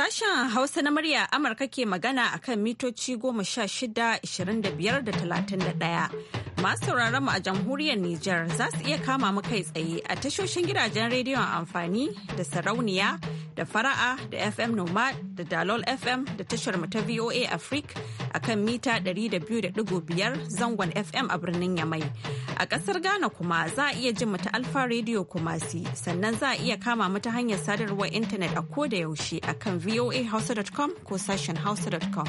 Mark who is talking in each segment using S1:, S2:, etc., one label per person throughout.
S1: Sashen Hausa na murya Amurka ke magana a kan mitoci goma sha shida, ishirin da biyar ɗaya. Masu sauraron mu a jamhuriyar Nijar za su iya kama mu kai tsaye a tashoshin gidajen rediyon amfani da sarauniya da fara'a da FM Nomad da Dalol FM da tashar ta VOA Africa a kan mita 200.5 zangon FM a birnin Yamai. A ƙasar Ghana kuma za a iya jin ta Alfa Radio Kumasi sannan za a iya kama mu ta hanyar sadarwar intanet a koda yaushe a kan voahouse.com ko sashen hausa.com.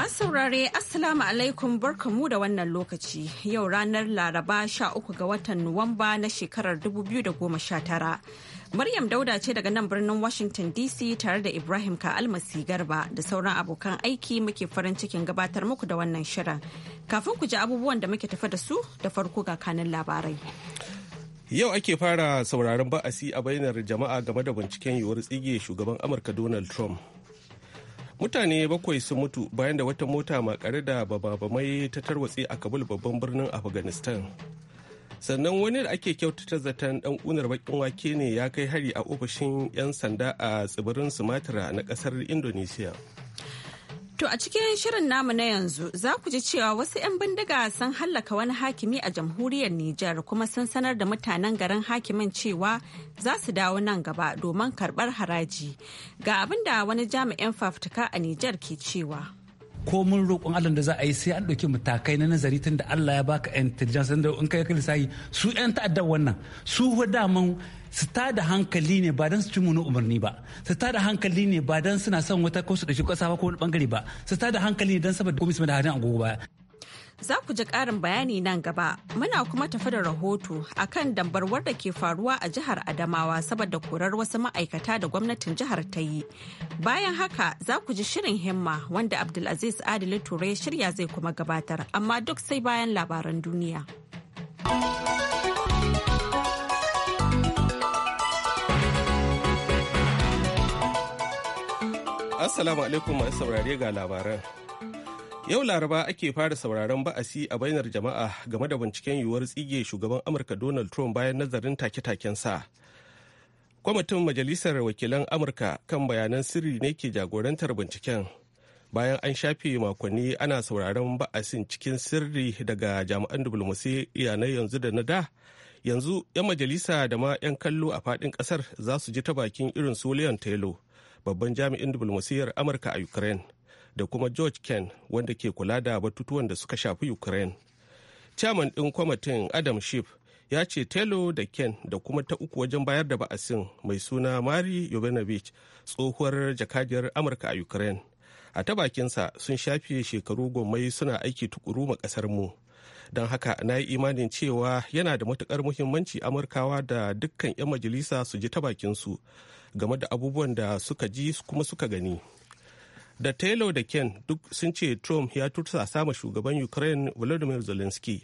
S1: Masu saurare Assalamu alaikum barkamu da wannan lokaci yau ranar Laraba 13 ga watan Nuwamba na shekarar 2019. Maryam Dauda ce daga nan birnin Washington DC tare da Ibrahim Ka'almasi Garba da sauran abokan aiki muke farin cikin gabatar muku da wannan shirin. Kafin ku ji abubuwan da muke tafa da su da farko ga kanin labarai.
S2: Yau ake fara sauraron ba'asi a bainar jama'a game da binciken yiwuwar tsige shugaban Amurka Donald Trump. mutane bakwai sun mutu bayan da wata mota makare da bababamai ta tarwatse a kabul babban birnin afghanistan sannan wani da ake kyautata zaton dan unar bakin wake ne ya kai hari a ofishin 'yan sanda a tsibirin sumatra na kasar indonesia
S1: To a cikin shirin namu na yanzu za ku ji cewa wasu 'yan bindiga sun hallaka wani hakimi a jamhuriyar Nijar kuma sun sanar da mutanen garin hakimin cewa za su dawo nan gaba domin karbar haraji. Ga abin da wani jami'in fafutuka a Nijar ke cewa.
S3: ko mun roƙon Allah da za a yi sai an ɗauki matakai na nazari tun da Allah ya baka intelligence da in kai lissafi su 'yan ta'addar wannan su daman su ta da hankali ne ba don su cin munu umarni ba su ta da hankali ne ba don suna son wata ko su da ƙasa ba ko wani bangare ba su ta da hankali ne don saboda komai su da hannun agogo ba.
S1: Za ku ji ƙarin bayani nan gaba muna kuma tafi da rahoto akan dambarwar da ke faruwa a jihar Adamawa saboda korar wasu ma'aikata da gwamnatin jihar ta yi. Bayan haka za ku ji shirin himma wanda Abdulaziz Adili Ture shirya zai kuma gabatar amma duk sai bayan labaran duniya.
S2: Assalamu alaikum masu saurare ga labaran. Yau Laraba ake fara sauraron ba'asi a bainar jama'a game da binciken yiwuwar tsige shugaban Amurka Donald Trump bayan nazarin take-taken sa. Kwamitin Majalisar Wakilan Amurka kan bayanan sirri ne ke jagorantar binciken. Bayan an shafe makonni ana sauraron ba'asin cikin sirri daga jami'an diplomasiyya na yanzu da na da. Yanzu 'yan majalisa da ma 'yan kallo a faɗin ƙasar za su ji ta bakin irin su Leon Taylor. babban jami'in diplomasiyyar amurka a ukraine da kuma george ken wanda ke kula da batutuwan da suka shafi ukraine chairman din kwamitin adam shif ya ce telo da ken da kuma ta uku wajen bayar da ba'asin mai suna mari yovanovich tsohuwar jakadiyar amurka a ukraine a ta bakinsa sun shafe shekaru gomai suna aiki tukuru ma kasar mu don haka na yi imanin cewa yana da matukar muhimmanci amurkawa da dukkan 'yan majalisa su ji ta bakinsu game da abubuwan da suka ji kuma suka gani da taylor da ken duk sun ce trump ya tursa sama shugaban ukraine volodymyr zelensky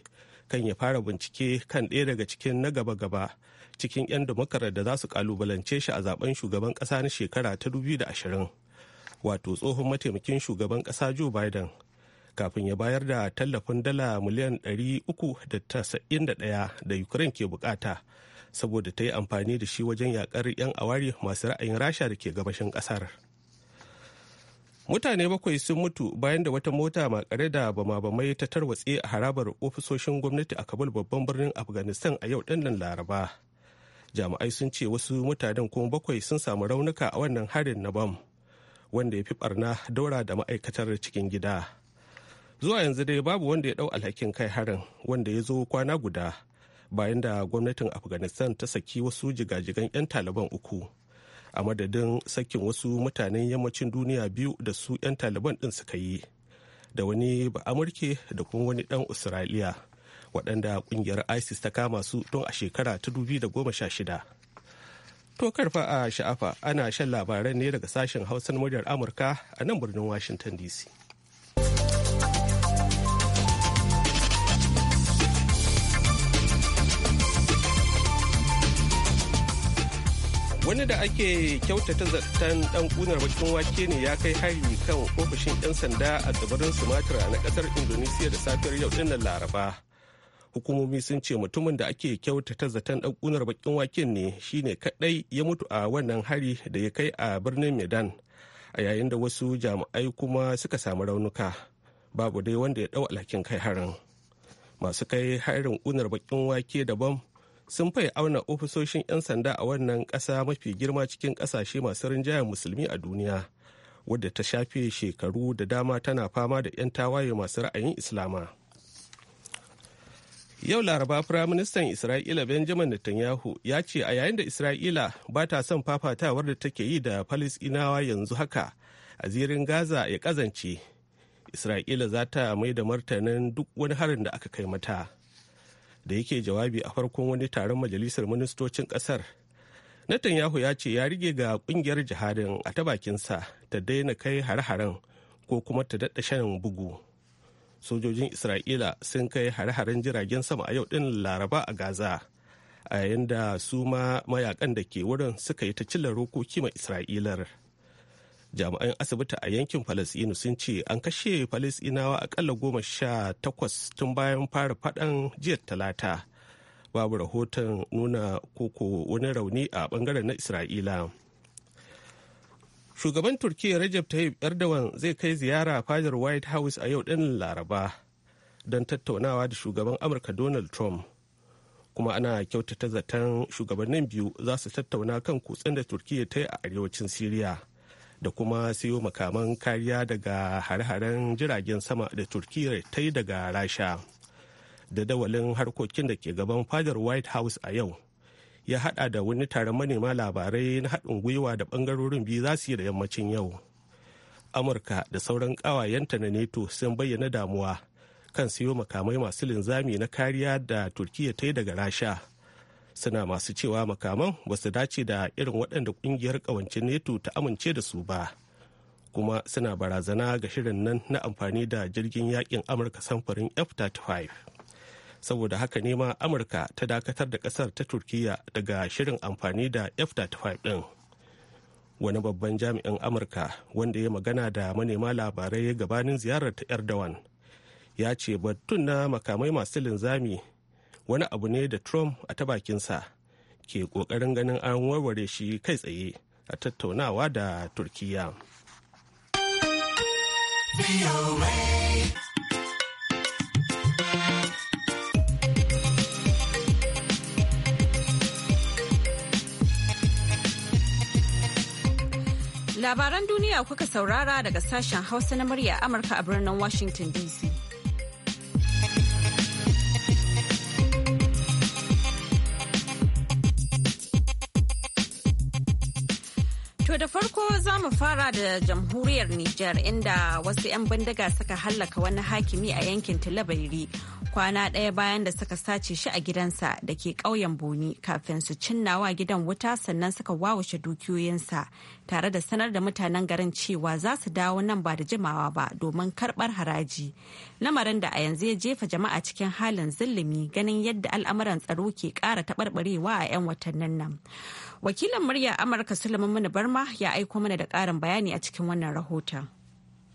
S2: kan ya fara bincike kan ɗaya daga cikin na gaba-gaba cikin 'yan damakarar da za su kalubalance shi a zaben shugaban ƙasa na shekara ta 2020 wato tsohon mataimakin shugaban ƙasa joe biden kafin ya bayar da tallafin dala miliyan 391 da ukraine ke bukata saboda ta yi amfani da shi wajen yakar 'yan awari masu ra'ayin rasha da ke gabashin kasar mutane bakwai sun mutu bayan da wata mota makare da bama-bamai ta tarwatse a harabar ofisoshin gwamnati a kabul babban birnin afghanistan a yau ɗannan laraba jami'ai sun ce wasu mutanen kuma bakwai sun samu raunuka a wannan harin na bam wanda ya fi barna daura da ma'aikatar cikin gida zuwa yanzu dai babu wanda ya dau alhakin kai harin wanda ya zo kwana guda bayan da gwamnatin afghanistan ta saki wasu jigajigan 'yan taliban uku a madadin sakin wasu mutanen yammacin duniya biyu da su 'yan taliban din suka yi da wani ba amurke da kuma wani dan australia waɗanda ƙungiyar isis ta kama su tun a shekara ta da goma 2016 to karfa a sha'afa ana shan labaran ne daga sashen hausan muryar amurka a nan birnin washington dc wani da ake kyautata zaton dan kunar bakin wake ne ya kai hari kan ofishin 'yan sanda a tsibirin sumatra na kasar indonesiya da safiyar yau nan laraba hukumomi sun ce mutumin da ake kyautata zaton dan kunar bakin wake ne shine kadai ya mutu a wannan hari da ya kai a birnin medan a yayin da wasu jami'ai kuma suka samu raunuka babu dai wanda ya dau alhakin kai harin masu kai harin kunar bakin wake daban sun fai auna ofisoshin 'yan sanda a wannan ƙasa mafi girma cikin ƙasashe masu rinjayen musulmi a duniya wadda ta shafe shekaru da dama tana fama da 'yan tawaye masu ra'ayin islama yau laraba firaministan isra'ila benjamin netanyahu ya ce a yayin da isra'ila ba ta son fafatawar da take yi da falisinawa yanzu haka a zirin gaza ya kazance isra'ila za ta mai da martanin duk wani harin da aka kai mata da yake jawabi a farkon wani taron majalisar ministocin kasar netanyahu ya ce ya rige ga kungiyar jihadin a ta bakinsa ta daina kai har haren ko kuma ta daɗa shan bugu sojojin isra'ila sun kai har haren jiragen sama a yau ɗin laraba a gaza a yayin da su ma mayakan da ke wurin suka yi ta cillar rokoki ma isra'ilar jami'an asibiti a yankin falasinu sun ce an kashe falasinawa akalla goma sha takwas tun bayan fara faɗan jiya talata babu rahoton nuna koko wani rauni a bangaren na isra'ila shugaban turkiyya rajab tayyip erdogan zai kai ziyara fadar white house a yau din laraba don tattaunawa da shugaban amurka donald trump kuma ana kyautata zaton shugabannin biyu za su tattauna kan kutsen da turkiyya ta yi a arewacin siriya da kuma siyo makaman kariya daga hare-haren jiragen sama da turkiyya ta yi daga rasha dadawalin harkokin da ke gaban fadar white house a yau ya hada da wani taron manema labarai na haɗin gwiwa da ɓangarorin biyu za su yi da yammacin yau amurka da sauran ƙawayenta na neto sun bayyana damuwa kan siyo makamai masu linzami na kariya da turkiyya ta yi daga rasha suna masu cewa makaman ba su dace da irin waɗanda ƙungiyar ƙawancin neto ta amince da su ba kuma suna barazana ga shirin nan na amfani da jirgin yakin amurka samfurin f-35 saboda haka ne ma amurka ta dakatar da ƙasar ta turkiya daga shirin amfani da f-35 ɗin wani babban jami'in amurka wanda ya magana da manema labarai gabanin ziyarar ta erdogan ya ce batun na makamai masu linzami wani abu ne da trump a ta bakinsa ke kokarin ganin an warware shi kai tsaye a tattaunawa da turkiyya.
S1: labaran duniya kuka saurara daga sashen hausa na murya amurka a birnin washington dc To da farko za mu fara da jamhuriyar Nijar inda wasu 'yan bindiga suka hallaka wani hakimi a yankin Tilabairi kwana ɗaya bayan da suka sace shi a gidansa da ke ƙauyen Boni kafin su cinnawa gidan wuta sannan suka wawashe dukiyoyinsa tare da sanar da mutanen garin cewa za su dawo nan ba da jimawa ba domin karbar haraji lamarin da a yanzu ya jefa jama'a cikin halin zulumi ganin yadda al'amuran tsaro ke kara taɓarɓarewa a 'yan watannin nan wakilin murya amurka sulaiman mana barma ya aiko mana da ƙarin bayani a cikin wannan rahoton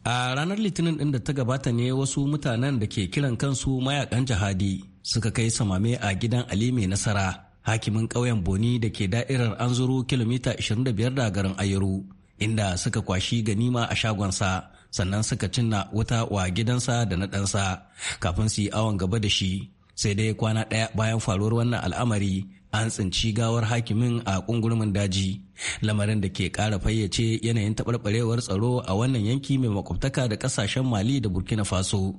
S3: a ranar litinin ɗin da ta gabata ne wasu mutanen da ke kiran kansu mayakan jihadi suka kai samame a gidan ali mai nasara hakimin ƙauyen boni da ke da'irar an zuru kilomita 25 da garin ayaru inda suka kwashi ganima a shagonsa sannan suka cinna wuta wa gidansa da na ɗansa kafin su yi awon gaba da shi sai dai kwana ɗaya bayan faruwar wannan al'amari an tsinci gawar hakimin a ƙungurmin daji lamarin da ke ƙara fayyace yanayin taɓarɓarewar tsaro a wannan yanki mai makwabtaka da ƙasashen mali da burkina faso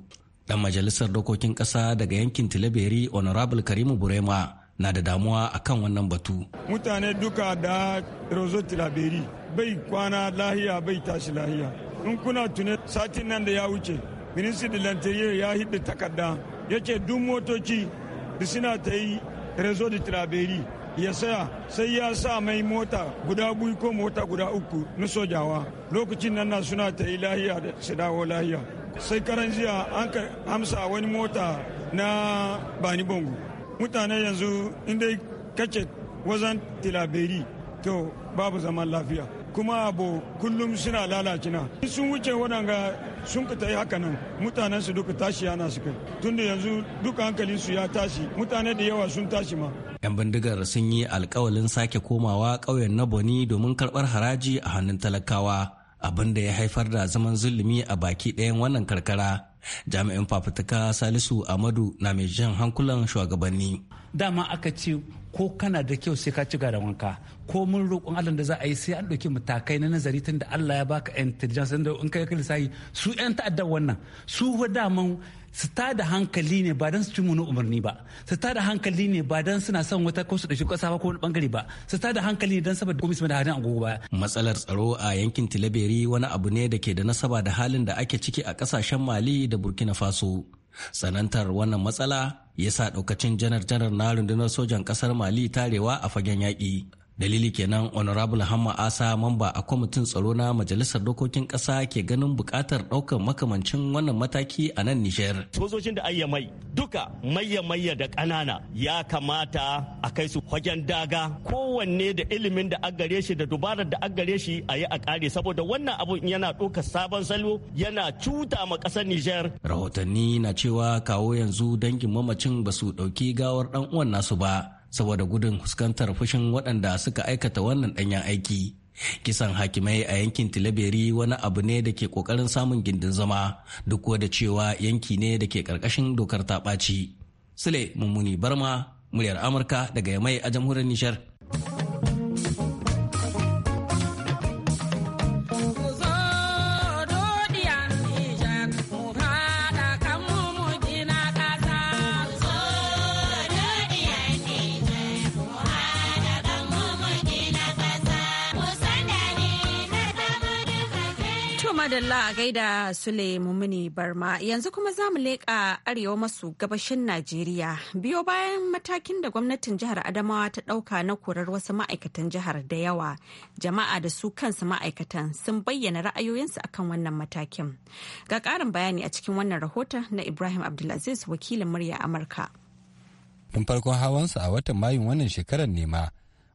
S3: dan majalisar dokokin ƙasa daga yankin tilaberi honorable karimu burema na da damuwa a kan wannan batu.
S4: Mutane duka da Rozo bai kwana lahiya bai tashi lahiya. In kuna tune satin nan da ya wuce, ministan da lantarki ya hidda takarda ya ce duk motoci da suna ta yi Rozo ya saya sai ya sa mai mota guda biyu ko mota guda uku na sojawa lokacin nan suna ta yi lahiya da su dawo lahiya sai karan jiya an amsa wani mota na bani bongo mutane yanzu inda kake wajen tilaberi to babu zaman lafiya kuma abu kullum suna lalacina sun wuce waɗanga sun ka yi haka nan mutanen su duka tashi yana su kai tunda yanzu duka hankalin su ya tashi mutane da yawa sun tashi ma
S3: yan bindigar sun yi alkawalin sake komawa ƙauyen na boni domin karɓar haraji a hannun talakawa abin da ya haifar da zaman zulumi a baki ɗayan wannan karkara jami'in fafutuka salisu amadu na mai jan hankulan shugabanni dama aka ce ko kana da kyau sai ka ci da wanka ko mun roƙon allah da za a yi sai an ɗauki matakai na nazari tun da allah ya baka intelligence da in kai lissafi su 'yan ta'addar wannan su daman su ta da hankali ne ba don su cin wani umarni ba su ta da hankali ne ba don suna son wata ko su shi ba ko wani bangare ba su ta da hankali ne don saboda komai su da hadin agogo ba. matsalar tsaro a yankin tilaberi wani abu ne da ke da nasaba da halin da ake ciki a kasashen mali da burkina faso sanantar wannan matsala ya sa daukacin janar-janar na rundunar sojan kasar mali tarewa a fagen yaƙi dalili kenan honorable hamma asa mamba a kwamitin tsaro na majalisar dokokin kasa ke ganin bukatar ɗaukar makamancin wannan mataki a nan nijar sojojin da ayya mai duka mayya mayya da ƙanana ya kamata a kai su wajen daga kowanne da ilimin da agare shi da dubarar da agare shi a yi a kare saboda wannan abu yana ɗaukar sabon salo yana cuta ma ƙasar nijar rahotanni na cewa kawo yanzu dangin mamacin ba su ɗauki gawar ɗan uwan nasu ba saboda gudun fuskantar fushin waɗanda suka aikata wannan ɗanyen aiki. kisan hakimai a yankin tilaberi wani abu ne da ke kokarin samun gindin zama duk da cewa yanki ne da ke karkashin dokar ta ɓaci sule mummuni barma muryar amurka daga yamai a jamhuriyar nishar
S1: Allah a gaida Sule Barma yanzu kuma za mu leƙa arewa masu gabashin Najeriya biyo bayan matakin da gwamnatin jihar Adamawa ta ɗauka na korar wasu ma'aikatan jihar da yawa jama'a da su kansu ma'aikatan sun bayyana ra'ayoyinsu akan wannan matakin. Ga ƙarin bayani a cikin wannan rahoton na Ibrahim Abdulaziz wakilin murya Amurka.
S5: Tun farkon hawansa a watan Mayun wannan shekarar nema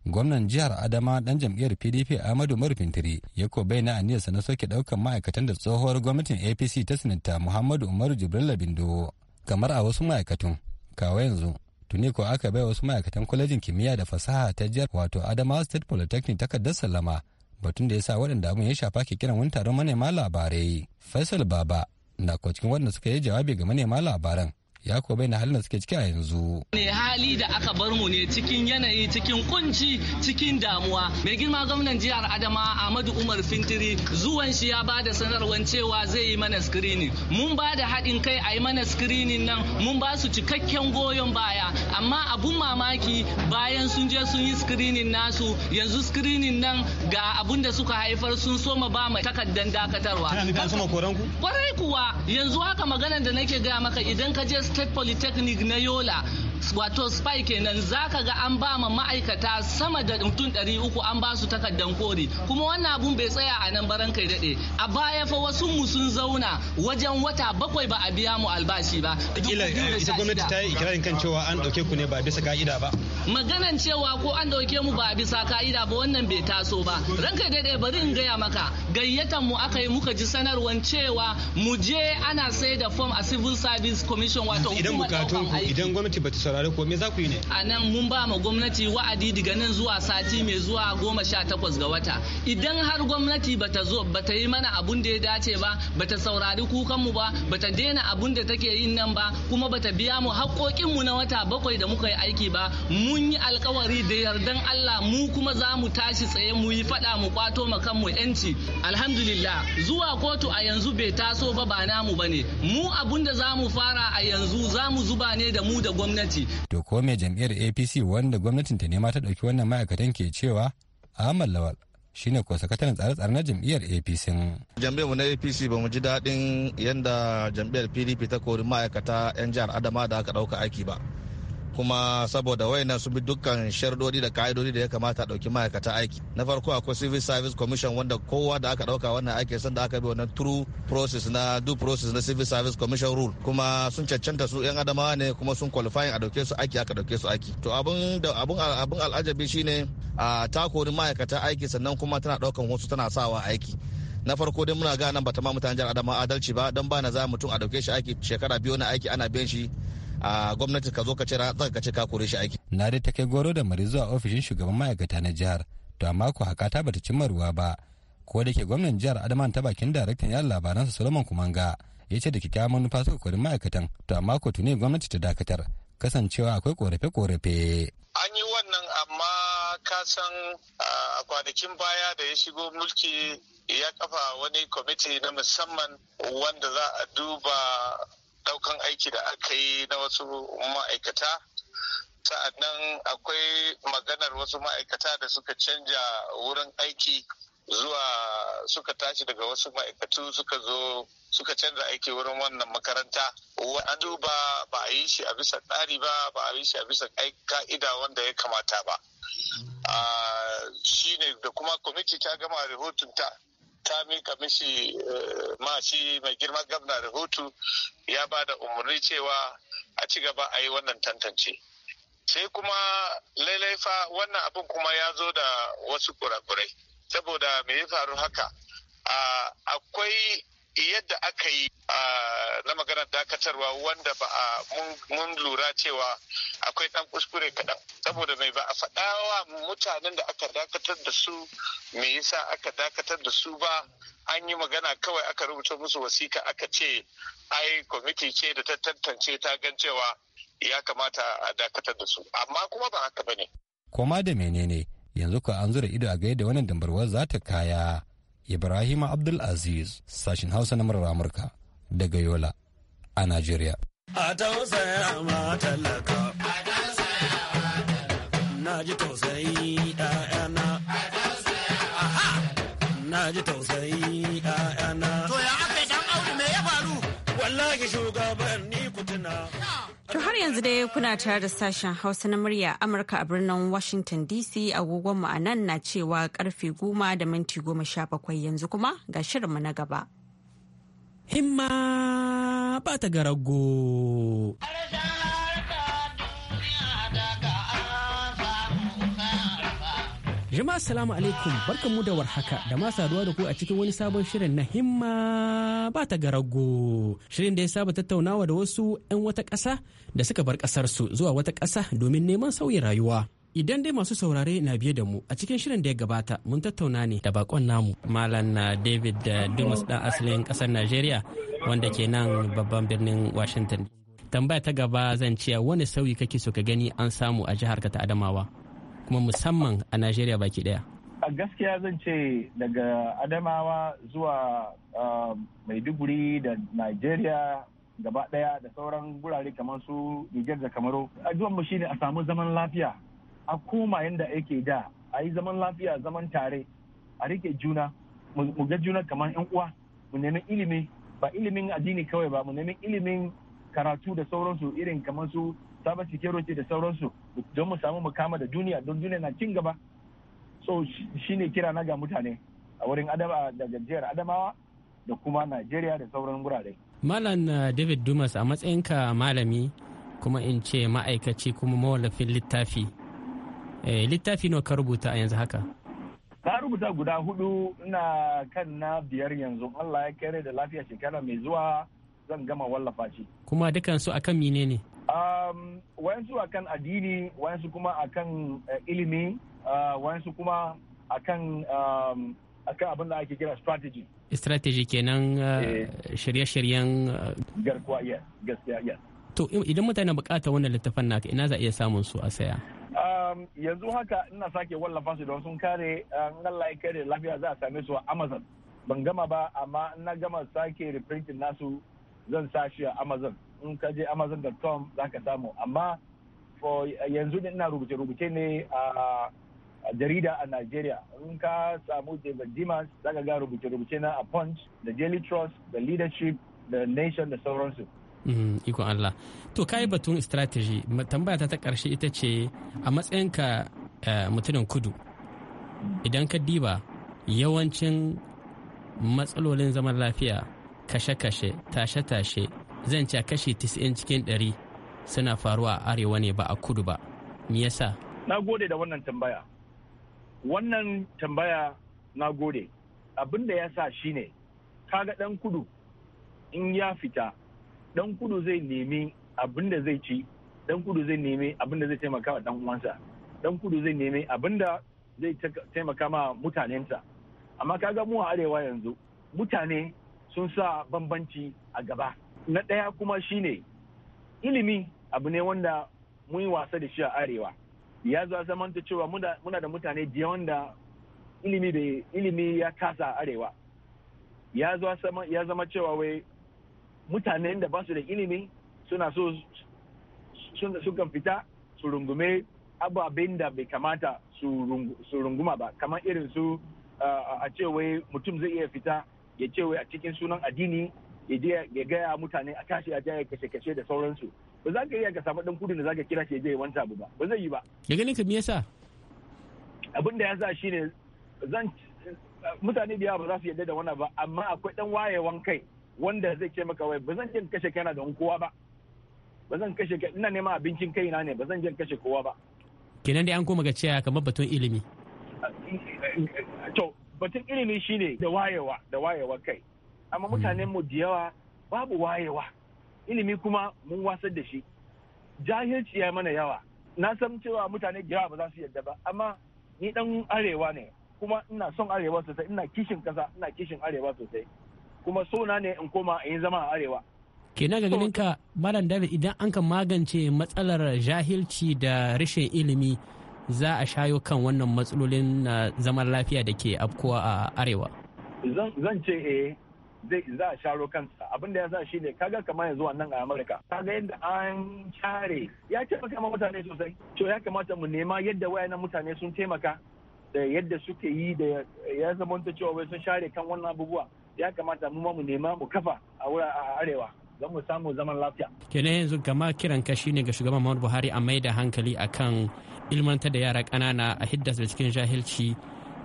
S5: gwamnan jihar adama dan jam'iyyar pdp ahmadu marufintiri ya ko bayyana aniyarsa na soke daukan ma'aikatan da tsohuwar gwamnatin apc ta sinanta muhammadu umaru jibrila bindo kamar a wasu ma'aikatun kawai yanzu tuni ko aka bai wasu ma'aikatan kwalejin kimiyya da fasaha ta jihar wato adama state polytechnic takardar sallama batun da ya sa waɗanda abin ya shafa ke kiran wani taron manema labarai faisal baba na ko waɗanda suka yi jawabi ga manema labaran ya ko bai na halin da suke ciki a yanzu.
S6: Ne hali da aka bar mu ne cikin yanayi cikin kunci cikin damuwa. Mai girma gwamnan jihar Adama Ahmadu Umar Fintiri zuwan shi ya ba da sanarwar cewa zai yi mana screening. Mun ba da haɗin kai a yi mana screening nan mun ba su cikakken goyon baya amma abun mamaki bayan sun je sun yi screening nasu yanzu screening nan ga abun da suka haifar sun soma ba mai takaddan dakatarwa. Kwarai kuwa yanzu haka maganar da nake gaya maka idan ka je state polytechnic na yola wato spy kenan zaka ga an ba ma ma'aikata sama da mutum ɗari uku an ba su takardan kori kuma wannan abun bai tsaya a nan baran kai daɗe a baya fa wasu mu sun zauna wajen wata bakwai ba a biya mu albashi ba.
S5: Kila ita gwamnati ta yi ikirarin kan cewa an ɗauke ku ne ba bisa ka'ida ba.
S6: Maganan cewa ko an ɗauke mu ba bisa ka'ida ba wannan bai taso ba. ran kai daɗe bari in gaya maka gayyatan mu aka yi muka ji sanarwar cewa mu je ana sai da fom a civil service commission wato idan bukatun
S2: idan gwamnati ba ta saurare ko me za ku yi ne
S6: a nan mun ba ma gwamnati wa'adi daga nan zuwa sati mai zuwa goma sha takwas ga wata idan har gwamnati bata zo bata yi mana abun da ya dace ba bata saurari kukan mu ba bata daina abun da take yin nan ba kuma bata biya mu haƙoƙin mu na wata bakwai da muka yi aiki ba mun yi alkawari da yardan Allah mu kuma za mu tashi tsaye mu yi faɗa mu kwato ma kanmu yanci alhamdulillah zuwa kotu a yanzu bai taso ba ba namu ba ne mu abun da zamu fara a yanzu zamu zuba ne da mu da gwamnati
S5: to ko mai jam'iyyar apc wanda gwamnatin ta nema ta ɗauki wannan ma'aikatan ke cewa ahmad lawal shine ko sakataren tsare-tsare na jam'iyyar apc
S2: jam'iyyar mu na apc ba mu ji daɗin yadda jam'iyyar pdp ta kori ma'aikata 'yan jihar adama da aka ɗauka aiki ba kuma saboda wayannan su bi dukkan shardodi da ka'idodi da ya kamata dauki ma'aikata aiki na farko akwai civil service commission wanda kowa da aka dauka wannan aiki san da aka bi wannan true process na due process na civil service commission rule kuma sun cancanta su yan adamawa ne kuma sun qualifying a dauke su aiki aka dauke su aiki to abun da abun abun al'ajabi shine a ta kori ma'aikata aiki sannan kuma tana daukan wasu tana sawa aiki na farko dai muna nan ba ta ma mutanen jihar adama adalci ba don ba na za mutum a dauke shi aiki shekara biyu na aiki ana biyan shi a gwamnati ka zo ka cira zaka ka ce ka kore shi aiki
S5: na dai ta kai goro da mari zuwa ofishin shugaban ma'aikata na jihar to amma ko haka ta bata cimma ruwa ba ko da ke gwamnan jihar Adama ta bakin daraktan yan labaransa Solomon Kumanga ya ce da kyakkyawan manufa suka kori ma'aikatan to amma ko tuni gwamnati ta dakatar kasancewa akwai korafe-korafe. An
S7: yi wannan amma ka san a kwanakin baya da ya shigo mulki ya kafa wani kwamiti na musamman wanda za a duba daukan aiki da aka yi na wasu ma'aikata sa'annan akwai maganar wasu ma'aikata da suka canja wurin aiki zuwa suka tashi daga wasu ma'aikatu suka zo suka canza aiki wurin wannan makaranta an duba ba a yi shi a bisa tsari ba ba a yi shi a bisa ka'ida wanda ya kamata ba ah, shi ne da kuma kwamiti ta gama rahoton ta mika mishi eh, mashi mai girma gabna rahoto ya ba da umarni cewa a ci gaba a yi wannan tantance sai kuma lailai fa wannan abin kuma ya zo da wasu kurakurai saboda mai ya faru haka ah, akwai yadda aka yi na maganar dakatarwa wanda ba a mun lura cewa akwai dan kuskure kaɗan saboda mai ba a faɗa wa mutanen da aka dakatar da su me yasa aka dakatar da su ba an yi magana kawai aka rubuta musu wasika aka ce ai kwamiti ce da ta tantance ta gan cewa ya kamata a dakatar da su amma kuma ba haka bane
S5: koma da menene yanzu ka an zura ido a ga yadda wannan dambarwar za ta kaya Ibrahim Abdulaziz sashin Hausa na murar Amurka daga Yola a Najeriya.
S3: A tausayi
S1: yanzu dai kuna tare da sashen Hausa na murya Amurka a birnin Washington DC agogonmu a nan na cewa karfe goma da minti goma sha bakwai yanzu kuma ga shirinmu na gaba.
S8: Himma ba ta garago. Jama'a salamu alaikum mu da warhaka da ma saduwa da ku a cikin wani sabon shirin na himma ba ta garago. Shirin da ya saba tattaunawa da wasu 'yan wata ƙasa da suka bar ƙasarsu zuwa wata ƙasa domin neman sauyin rayuwa. Idan dai masu saurare na biye da mu a cikin shirin da ya gabata mun tattauna ne da bakon namu Malam na uh, David da uh, Dumas dan asalin ƙasar Najeriya wanda ke nan babban birnin Washington. Tambaya ta gaba zan ce wani sauyi kake so ka gani an samu a jihar ka ta Adamawa. kuma musamman a najeriya baki daya
S4: a gaskiya zan ce daga adamawa zuwa ah, maiduguri da najeriya gaba daya da sauran gurare kamar su Niger da kamaru ajuwan mu shine a samu zaman lafiya a koma yadda yake da a yi zaman lafiya zaman tare a rike juna mu ga juna kamar yan uwa mu nemi ilimi ba ilimin addini kawai ba mu nemi ilimin karatu da sauransu irin kamar su cyber security da sauransu don mu samu mu kama da duniya don duniya na cin gaba so shine kira na ga mutane a wurin adama daga jihar adamawa da kuma nigeria da sauran wurare
S8: malam uh, david dumas a matsayinka malami kuma in ce ma'aikaci kuma mawalafin littafi eh, littafi nawa ka rubuta a yanzu haka
S4: na rubuta guda hudu na kan na biyar yanzu allah ya kere da lafiya shekara mai zuwa zan gama wallafa shi
S8: kuma dukansu akan menene ne
S4: Um, wayansu akan addini wayansu kuma akan uh, ilimi uh, wayansu kuma akan um, akan abin da ake kira strategy
S8: strategy kenan uh, eh. shirye-shiryen uh,
S4: garkuwa yes gaskiya yes
S8: to idan mutane bukata wannan littafin naka ina za a iya samun su a saya
S4: um, yanzu haka ina sake wallafa su don sun kare uh, in Allah ya kare lafiya za a same su a Amazon ban gama ba amma ina gama sake reprinting nasu zan sa shi a Amazon in ka je amazon.com za ka samu amma yanzu ina rubuce-rubuce ne a jarida a nigeria in ka samu David Dimas za ka ga rubuce-rubuce na a Punch da Daily Trust da Leadership da Nation da sauransu.
S8: Mm, ikon Allah. To kayi batun strategy tambaya ta ta ƙarshe ita ce a matsayinka eh, mutumin kudu idan ka diba yawancin matsalolin zaman lafiya kashe-kashe tashe-tashe zan ce kashi 90 cikin 100 suna faruwa a arewa ne ba a kudu ba me yasa
S4: na gode da wannan tambaya wannan tambaya na gode abin da ya sa shine kaga dan kudu in ya fita dan kudu zai nemi abin da zai ci dan kudu zai nemi abin da zai taimaka wa dan uwansa dan kudu zai nemi abin da zai taimaka ma mutanensa amma kaga mu a arewa yanzu mutane sun sa bambanci a gaba na ɗaya kuma shine ilimi abu ne wanda mun yi wasa da shi a arewa ya zo ta cewa muna da mutane da wanda ilimi da ilimi ya kasa a arewa ya zo ya zama cewa wai mutanen da ba su da ilimi suna so sukan fita su rungume ababen da bai kamata su runguma ba kamar irin su a ce wai mutum zai iya fita ya ce wai a cikin sunan addini ya gaya mutane a tashi a jaya kashe-kashe da sauransu ba za ka iya ka samu dan kudu da za ka kira shi ya je wanta abu ba ba zai yi ba
S8: ya gani ka me yasa
S4: abin da ya sa ne zan mutane da yawa ba za su yarda da wannan ba amma akwai dan wayewan kai wanda zai ce maka wai ba zan jin kashe kaina don kowa ba ba zan kashe ina neman abincin kaina ne ba zan jin kashe kowa ba
S8: kenan dai an koma ga cewa kamar batun ilimi
S4: to batun ilimi shine da wayewa da wayewa kai amma mutanen mu da yawa babu wayewa ilimi kuma mun wasar da shi jahilci ya mana yawa na san cewa mutane da yawa ba za su yarda ba amma ni dan arewa ne kuma ina son arewa sosai ina kishin kasa ina kishin arewa sosai kuma sona ne in koma in zama a arewa
S8: kenan ga ganin ka malam idan an ka magance matsalar jahilci da rashin ilimi za a shayo kan wannan matsalolin zaman lafiya da ke afkuwa a arewa
S4: zan ce eh zai za a sharo kansa abin da ya sa shine kaga kamar yanzu wannan a Amurka kaga yadda an care ya taimaka ma mutane sosai to ya kamata mu nema yadda wayannan mutane sun taimaka da yadda suke yi da ya ta cewa wai sun share kan wannan abubuwa ya kamata mu ma mu nema mu kafa a wura a arewa don mu samu zaman lafiya.
S8: kenan yanzu gama kiran ka shine ga shugaban Muhammadu Buhari a mai da hankali akan ilmantar da yara ƙanana a hiddasa cikin jahilci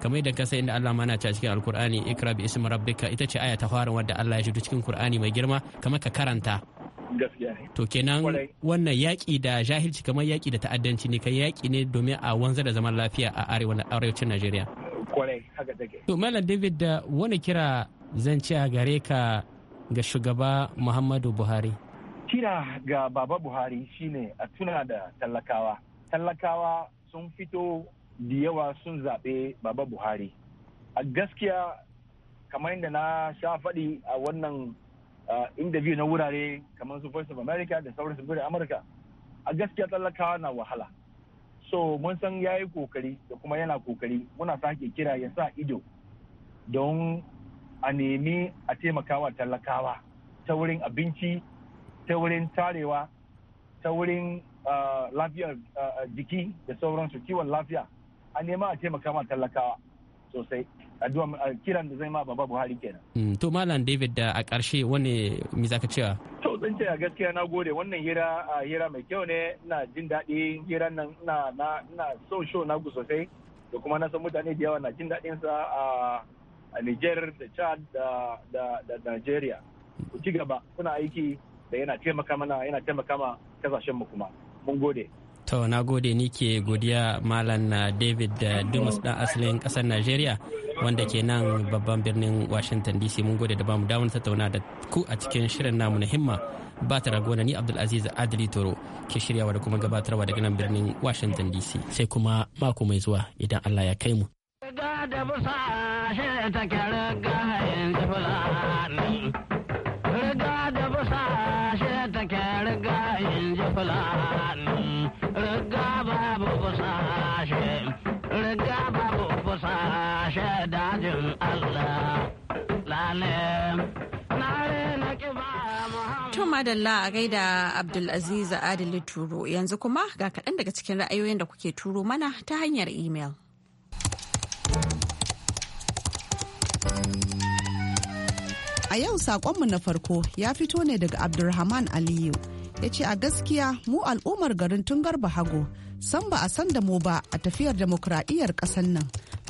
S8: kamar yadda ka sai inda Allah mana ta cikin alkur'ani ikra bi ismi rabbika ita ce aya ta fara wadda Allah ya shigo cikin kur'ani mai girma kamar ka karanta to kenan wannan yaƙi da jahilci kamar yaƙi da ta'addanci ne kai yaƙi ne domin a wanza da zaman lafiya a arewacin Najeriya to malam David da wani kira zan ci a gare ka ga shugaba Muhammadu Buhari kira
S4: ga baba Buhari shine a tuna da talakawa talakawa sun fito da yawa sun zaɓe baba buhari a gaskiya kamar yadda na sha faɗi a wannan interview na wurare kamar su voice of america da sauran su amurka a gaskiya talakawa na wahala so mun san ya yi kokari da kuma yana kokari muna sake kira ya sa ido don a nemi a taimakawa talakawa ta wurin abinci ta wurin tarewa ta wurin lafiyar jiki da sauransu kiwon lafiya a nema a taimaka ma talakawa sosai addu'a kiran da zai ma baba buhari kenan
S8: mm, to malam david da a ƙarshe wani mi zaka cewa
S4: to zan ce a gaskiya na gode wannan hira a hira mai kyau ne na jin daɗi hira nan na na na so show na sosai da kuma na san mutane da yawa na jin daɗin sa a Niger da Chad da da da Nigeria ku ci gaba kuna aiki da yana taimaka mana yana taimaka ma kasashen mu kuma mun gode
S8: To na gode ni ke godiya Malam David Dumas dan asalin kasar Najeriya wanda ke nan babban birnin Washington DC mun gode da bamu damar tattauna da ku a cikin shirin namu na himma ba ta ragona ni Abdulaziz Adli Toro ke shiryawa da kuma gabatarwa daga nan birnin Washington DC sai kuma mako mai zuwa idan Allah ya kai mu.
S3: Da da shi ta
S1: madalla a gaida Abdulaziz Adili Turo yanzu kuma ga kaɗan daga cikin ra'ayoyin da kuke turo mana ta hanyar imel.
S9: A yau saƙonmu na farko ya fito ne daga Abdulrahman Aliyu ya ce a gaskiya mu al'ummar garin tun garba hago san ba a san da mu ba a tafiyar demokradiyyar ƙasar nan.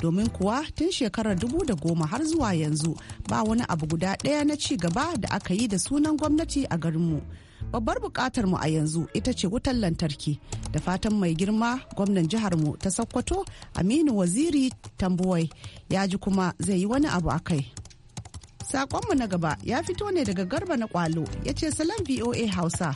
S9: domin kuwa tun shekarar dubu da goma har zuwa yanzu ba wani abu guda ɗaya na ci gaba da aka yi da sunan gwamnati a garinmu. Babbar bukatar mu a yanzu ita ce wutar lantarki da fatan mai girma gwamnan jihar mu ta Sokoto Aminu Waziri Tambuwai ya ji kuma zai yi wani abu a kai. Sakonmu na gaba ya fito ne daga Garba na Kwalo ya ce salon VOA Hausa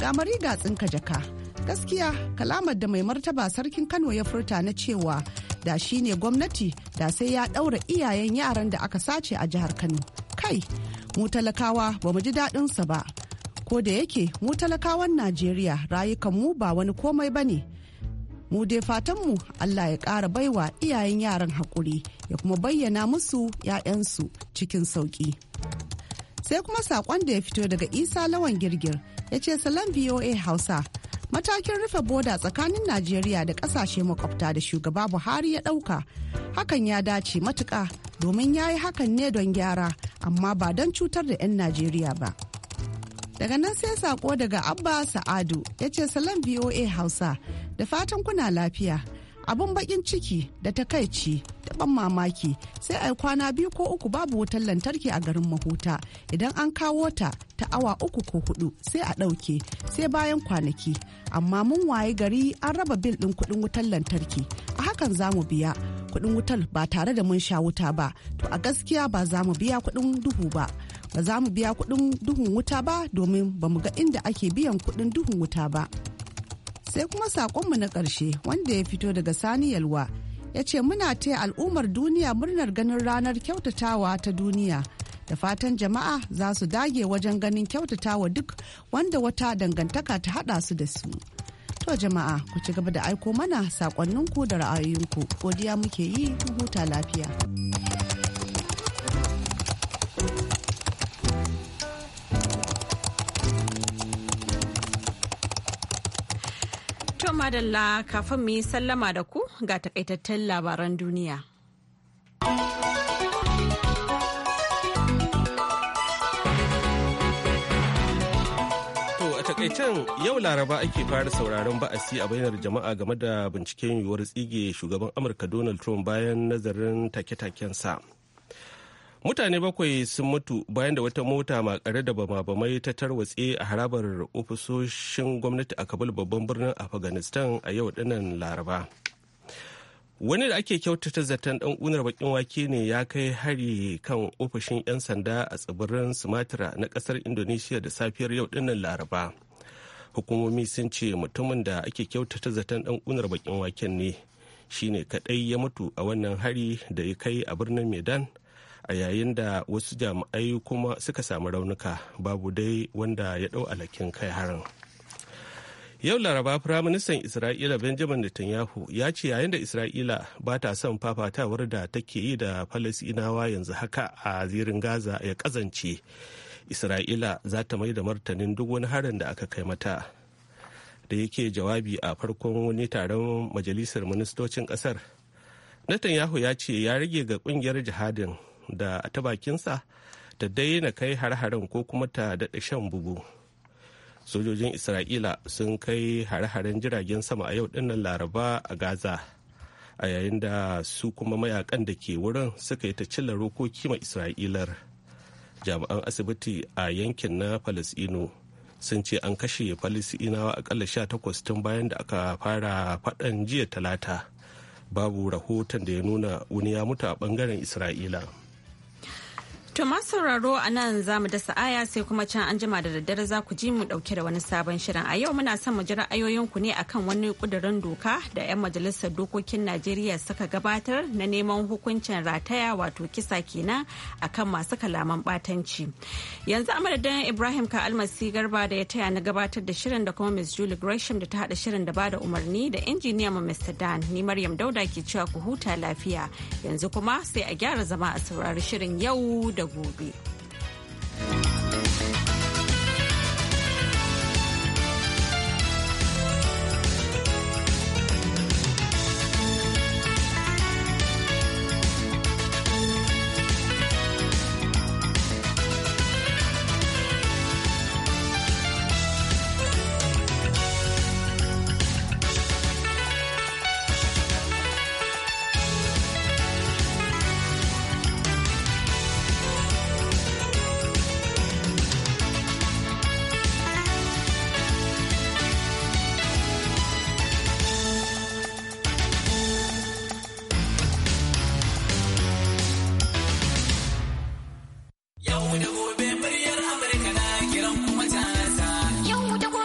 S9: ga mariga tsinka jaka. Gaskiya kalamar da mai martaba sarkin Kano ya furta na cewa da shi ne gwamnati da sai ya ɗaura iyayen yaran da aka sace a jihar Kano. Kai, mu talakawa ba mu ji daɗinsa ba. Ko da yake mu talakawan Najeriya rayukanmu ba wani komai ba ne. mu dai fatanmu Allah ya ƙara baiwa iyayen yaran haƙuri ya kuma bayyana musu 'ya'yansu cikin sauƙi. Sai kuma saƙon da ya fito daga Isa Lawan Girgir ya ce salam VOA Hausa matakin rufe boda tsakanin najeriya da kasashe makwabta da shugaba buhari ya dauka hakan ya dace matuka domin ya yi hakan ne don gyara amma ba don cutar da 'yan najeriya ba daga nan sai sako daga abba sa'adu ya ce salon voa hausa da fatan kuna lafiya abun bakin ciki da takaici da ban mamaki sai yi kwana biyu ko uku babu wutar lantarki a garin mahuta idan an kawo ta ta awa uku ko hudu sai a ɗauke sai bayan kwanaki amma mun waye gari an raba bil ɗin kuɗin wutar lantarki a hakan za mu biya kuɗin wutar ba tare da mun sha wuta ba to a gaskiya ba za mu biya kuɗin duhu ba ba za mu biya kuɗin duhun wuta ba domin ba mu ga inda ake biyan kuɗin duhun wuta ba sai kuma saƙonmu na ƙarshe wanda ya fito daga sani yalwa ya ce muna taya al'ummar duniya murnar ganin ranar kyautatawa ta duniya da fatan jama'a za su dage wajen ganin kyautatawa duk wanda wata dangantaka ta hada su da su to jama'a ku ci gaba da aiko mana saƙonninku da ra'ayoyinku godiya muke yi huta lafiya.
S1: madalla kafin mu yi sallama da ku ga takaitattun labaran duniya.
S2: takaicen yau laraba ake fara sauraron ba'asi a bainar jama'a game da binciken yiwuwar tsige shugaban amurka donald trump bayan nazarin take-takensa. sa mutane bakwai sun mutu bayan da wata mota makare da bama-bamai ta tarwatse a harabar ofisoshin gwamnati a kabul babban birnin afghanistan a yau dinnan laraba wani da ake kyautata zaton dan unar bakin wake ne ya kai hari kan ofishin 'yan sanda a tsibirin sumatra na kasar indonesia da safiyar yau dinnan laraba hukumomi sun ce mutumin da ake kyautata zaton dan unar bakin waken ne shine kadai ya mutu a wannan hari da ya kai a birnin medan a yayin da wasu jami'ai kuma suka samu raunuka babu dai wanda ya ɗau alhakin kai harin yau laraba firaministan isra'ila benjamin netanyahu ya ce yayin da isra'ila ba ta son fafatawar da take yi da falasinawa yanzu haka a zirin gaza ya kazance isra'ila za ta mai da martanin duk wani harin da aka kai mata da yake jawabi a farkon wani taron majalisar ministocin kasar netanyahu ya ce ya rage ga kungiyar jihadin da ta bakinsa ta daina kai har harin ko kuma ta daɗa shan bugu sojojin isra'ila sun kai har-haren jiragen sama a yau dinnan laraba a gaza a yayin da su kuma mayakan da ke wurin suka yi ta cilla rokoki ma isra'ilar jami'an asibiti a yankin na Falasɗinu sun ce an kashe falisinawa akalla takwas tun bayan da aka fara faɗan jiya talata babu rahoton da ya nuna wani ya mutu a ɓangaren isra'ila
S1: To masu sauraro a nan za mu dasa aya sai kuma can an jima da daddare za ku ji mu dauke da wani sabon shirin. A yau muna son mu ji ra'ayoyinku ne akan wani kudurin doka da 'yan majalisar dokokin Najeriya suka gabatar na neman hukuncin rataya wato kisa kenan akan masu kalaman batanci. Yanzu a Ibrahim Ka Almasi Garba da ya taya na gabatar da shirin da kuma Miss Julie Gresham da ta hada shirin da bada umarni da injiniya mu Mr. Dan ni Maryam Dauda ke cewa ku huta lafiya. Yanzu kuma sai a gyara zama a saurari shirin yau da Will be.